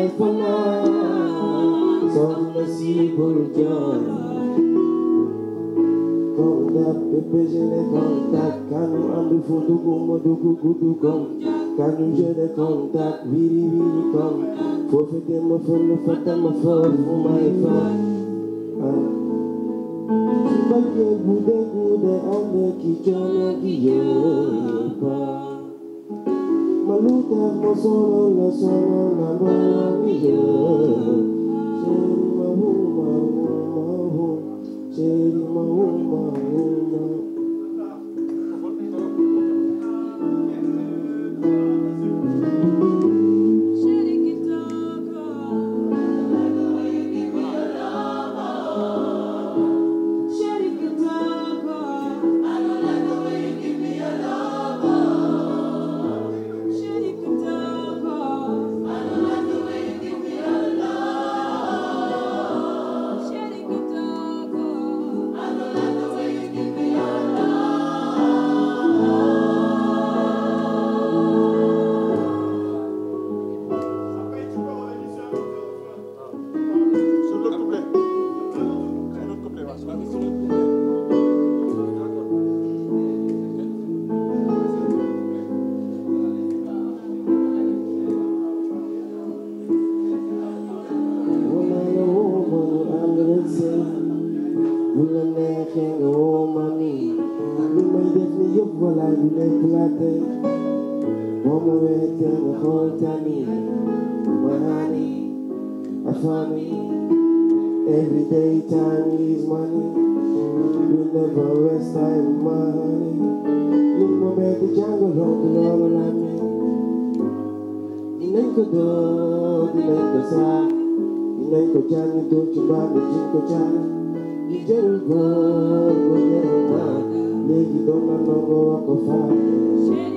may fanaan soxna si bul jooy kontak pepejene kontak kanu andu fu dugu mu dugu gudu kon kanu jene kontak wiri wiri kon foofu dem ma fa lu fa tam ma fa fu may fan bagge gude gude ande ki coono gi yëpp ma lu tax ma solo la solo la Shema Huma Huma Huma Shema Huma Huma Huma voilà ñu lay flatter moom mu wéete nga xool tamit my honey a family everyday time is money you never waste time my honey li mu metti jàng rokk loolu la mi dinañ ko doo dinañ ko saa dinañ ko jàng doo ci baax dinañ ko jàng di jël góor mu jël naa léegi doom la ndogo wa ko faale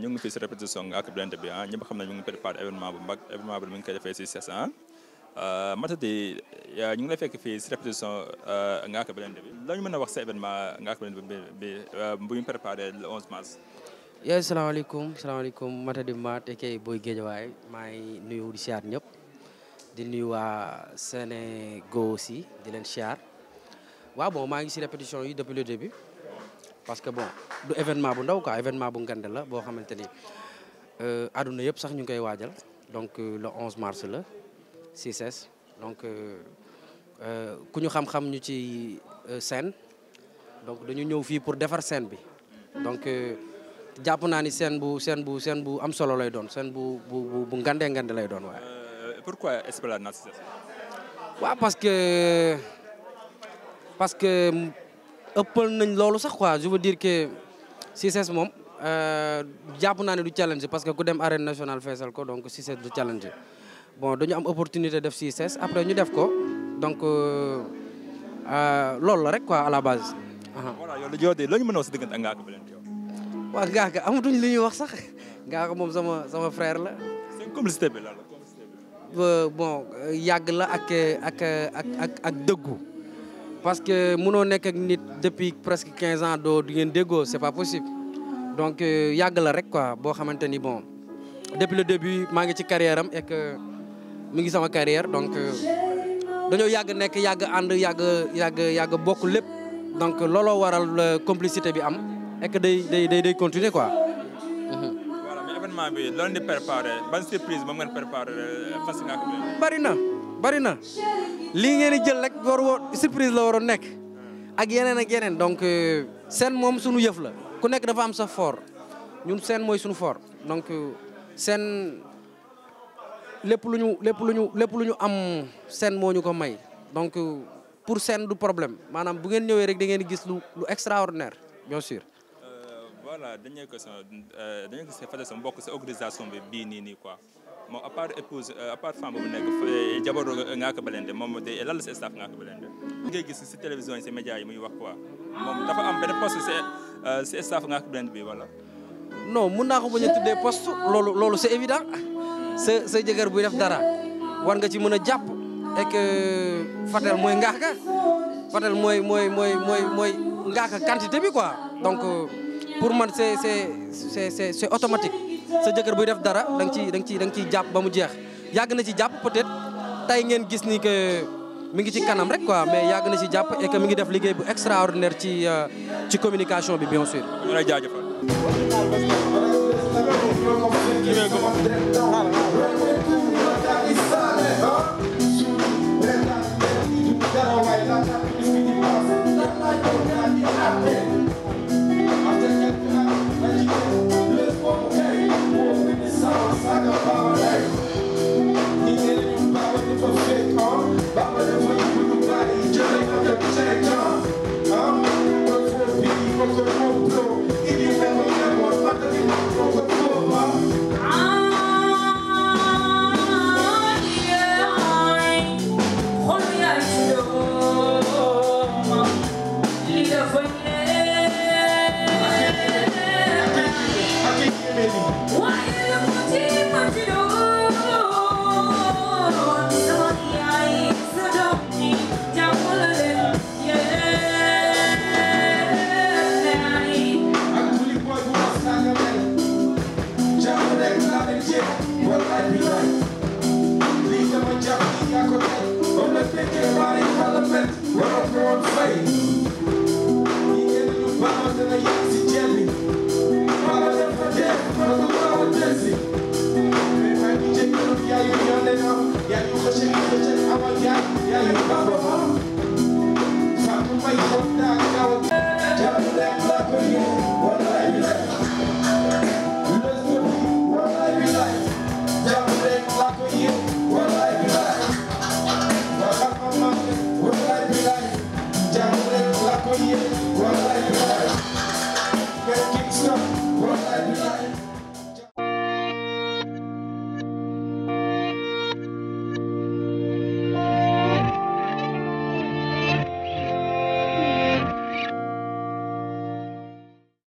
ñu ngi fii si répétition ak Brent bi ah ñëpp xam nañ ñu ngi préparé événement bu mag defee si ses ans ah. euh, Matadi ñu ngi lay fekk fii si répétition euh, nga ak Brent bi la ñu mën a wax sa événement nga ak Brent bi bi euh, bu ñu préparé le 11 mars. yooyu salaamaaleykum salaamaaleykum Matadi ma tekee booy Géejawaay maa ngi nuyu di siyaar ñëpp di nuyu waa Sénégal aussi di leen siyaar waa bon maa ngi si répétition yi depuis le début. parce que bon du événement bu ndaw quoi événement bu ngande la boo xamante ni àdduna euh, yëpp sax ñu ngi koy waajal donc euh, le 11 mars la CICES donc euh, ku ñu xam-xam ñu ci scène donc dañu ñëw fii pour defar seen bi donc jàpp naa ni seen bu seen bu scène bu am solo lay doon seen bu bu bu ngandee ngande lay doon waaye. pourquoi Esplanade waaw parce que parce que. ëppal nañ loolu sax quoi je veux dire que Cissé moom euh, jàpp naa ne du challenge parce que ku dem arène nationale feesal ko donc Cissé du challenge bon dañu am opportunité def Cissé après ñu def ko donc euh, euh, loolu la rek quoi à la base. voilà yow ñu mën a wax si diggante ak Ngaaka Blindé yow. waaw amatuñ li ñuy wax sax Ngaaka moom sama sama frère la. seen complicité bon yàgg la ak ak ak ak dëggu. parce que mënoo nekk ak nit depuis presque quinze ans doo di ngeen déggoo c'est pas possible donc euh, yàgg la rek quoi boo xamante ni bon depuis le début maa ngi ci carrière am et que mi ngi sama carrière donc euh, dañoo yàgg nekk yàgg ànd yàgg yàgg yàgg bokk lépp donc looloo waral euh, complicité bi am et day day day day continuer quoi. Mhm. voilà bi loolu di préparé ban surprise moom ngeen préparé bari na. bari na lii ngeen di jël rek war woo surprise la waroon nekk ak yeneen ak yeneen donc euh, seen moom suñu yëf la ku nekk dafa am sa fort ñun seen mooy suñu fort donc euh, seen lépp lu ñu lépp lu ñu lépp lu ñu am seen moo ñu ko may donc euh, pour seen du problème maanaam bu ngeen ñëwee rek da ngeen gis lu lu extraordinaire bien sûr. voilà dañuy question dañuy question fa sa mbokk sa organisation bi bii nii nii quoi. mo à part épouse euh, à part femme bu nekk jabaru Ngaaka Blindé moom day lal si staff Ngaaka Blindé ngay gis si télévision yi si média moom dafa am benn poste si euh, si staff bi voilà non mun naa ko bañ a tuddee poste loolu loolu c'est évident sa sa buy def dara war nga ci mën a jàpp et euh, Fatel mooy Ngaaka Fatel mooy mooy mooy mooy mooy Ngaaka quantité bi quoi donc pour man c'est c'est c'est c'est automatique sa jëkkër buy def dara da nga ciy da nga ciy da ciy jàpp ba mu jeex yàgg na ci jàpp peut-être tey ngeen gis ni que mu ngi ci kanam rek quoi mais yàgg na ci jàpp et que mi ngi def liggéey bu extraordinaire ci euh, ci communication bi bien sûr. lay jaajëfal.